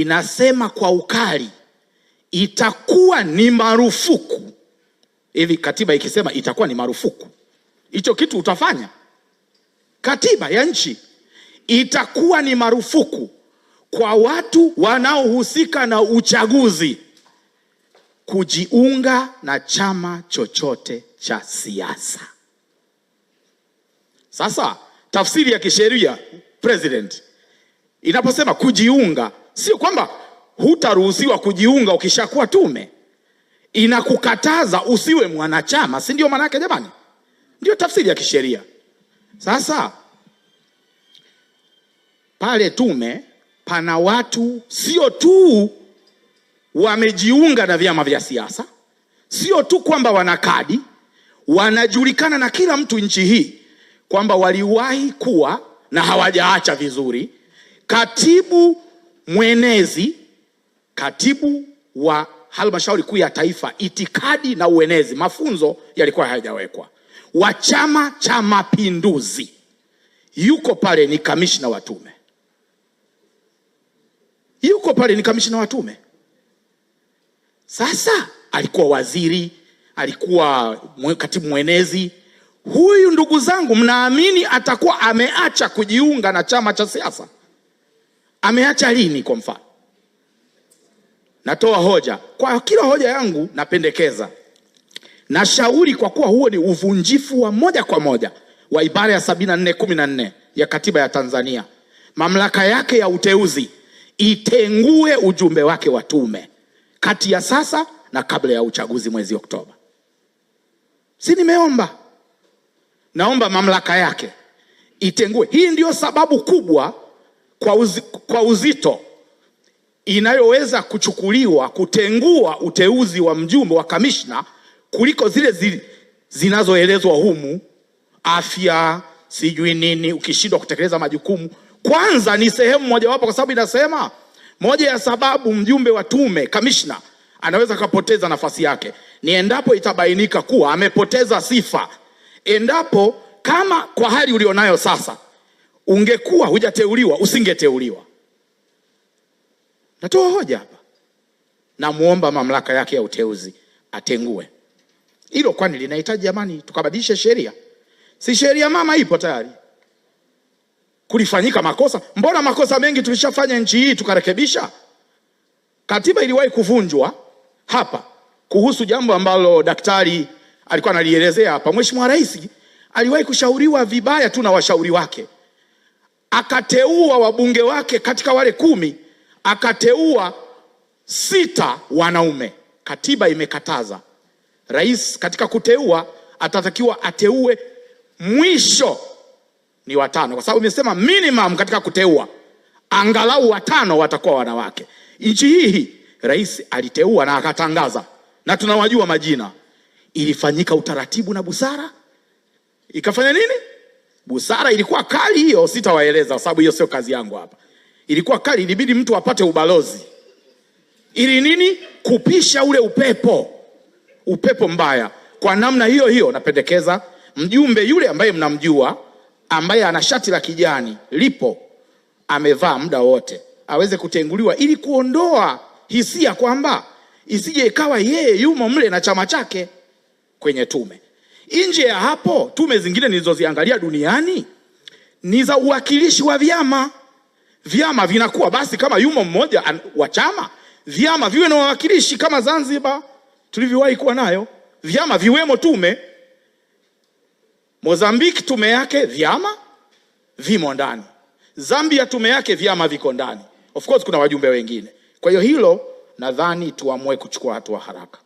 inasema kwa ukali itakuwa ni marufuku. Hivi katiba ikisema itakuwa ni marufuku, hicho kitu utafanya? Katiba ya nchi itakuwa ni marufuku kwa watu wanaohusika na uchaguzi kujiunga na chama chochote cha siasa. Sasa tafsiri ya kisheria president inaposema kujiunga Sio kwamba hutaruhusiwa kujiunga ukishakuwa tume, inakukataza usiwe mwanachama, si ndio? Maana yake jamani, ndio tafsiri ya kisheria. Sasa pale tume pana watu sio tu wamejiunga na vyama vya siasa, sio tu kwamba wana kadi, wanajulikana na kila mtu nchi hii kwamba waliwahi kuwa na hawajaacha vizuri. Katibu mwenezi, katibu wa halmashauri kuu ya taifa itikadi na uenezi, mafunzo yalikuwa hayajawekwa, wa Chama cha Mapinduzi yuko pale, ni kamishna wa tume, yuko pale, ni kamishna wa tume. Sasa alikuwa waziri, alikuwa katibu mwenezi. Huyu ndugu zangu, mnaamini atakuwa ameacha kujiunga na chama cha siasa? ameacha lini? Kwa mfano, natoa hoja kwa kila hoja yangu, napendekeza na shauri, kwa kuwa huo ni uvunjifu wa moja kwa moja wa ibara ya sabini na nne kumi na nne ya katiba ya Tanzania. Mamlaka yake ya uteuzi itengue ujumbe wake wa tume kati ya sasa na kabla ya uchaguzi mwezi Oktoba. Si nimeomba, naomba mamlaka yake itengue. Hii ndiyo sababu kubwa kwa, uzi, kwa uzito inayoweza kuchukuliwa kutengua uteuzi wa mjumbe wa kamishna kuliko zile zi, zinazoelezwa humu, afya sijui nini, ukishindwa kutekeleza majukumu. Kwanza ni sehemu mojawapo, kwa sababu inasema moja ya sababu mjumbe wa tume kamishna anaweza akapoteza nafasi yake ni endapo itabainika kuwa amepoteza sifa, endapo kama kwa hali ulionayo sasa Ungekuwa hujateuliwa usingeteuliwa. Natoa hoja hapa, namwomba mamlaka yake ya uteuzi atengue hilo, kwani linahitaji jamani, tukabadilishe sheria? Si sheria mama ipo tayari. Kulifanyika makosa, mbona makosa mengi tulishafanya nchi hii tukarekebisha. Katiba iliwahi kuvunjwa hapa kuhusu jambo ambalo daktari alikuwa analielezea hapa. Mheshimiwa Rais aliwahi kushauriwa vibaya tu na washauri wake akateua wabunge wake katika wale kumi akateua sita wanaume. Katiba imekataza rais katika kuteua, atatakiwa ateue mwisho ni watano, kwa sababu imesema minimum katika kuteua angalau watano watakuwa wanawake. Nchi hii rais aliteua na akatangaza, na tunawajua majina. Ilifanyika utaratibu na busara, ikafanya nini? Busara ilikuwa kali hiyo, sitawaeleza kwa sababu hiyo sio kazi yangu hapa. Ilikuwa kali, ilibidi mtu apate ubalozi ili nini? Kupisha ule upepo, upepo mbaya. Kwa namna hiyo hiyo, napendekeza mjumbe yule ambaye mnamjua, ambaye ana shati la kijani lipo amevaa muda wote, aweze kutenguliwa ili kuondoa hisia kwamba isije ikawa yeye yumo mle na chama chake kwenye tume. Nje ya hapo, tume zingine nilizoziangalia duniani ni za uwakilishi wa vyama. Vyama vinakuwa basi, kama yumo mmoja wa chama, vyama viwe na wawakilishi kama Zanzibar tulivyowahi kuwa nayo, vyama viwemo tume. Mozambiki tume yake vyama vimo ndani. Zambia tume yake vyama viko ndani. Of course kuna wajumbe wengine. Kwa hiyo hilo nadhani tuamue kuchukua hatua haraka.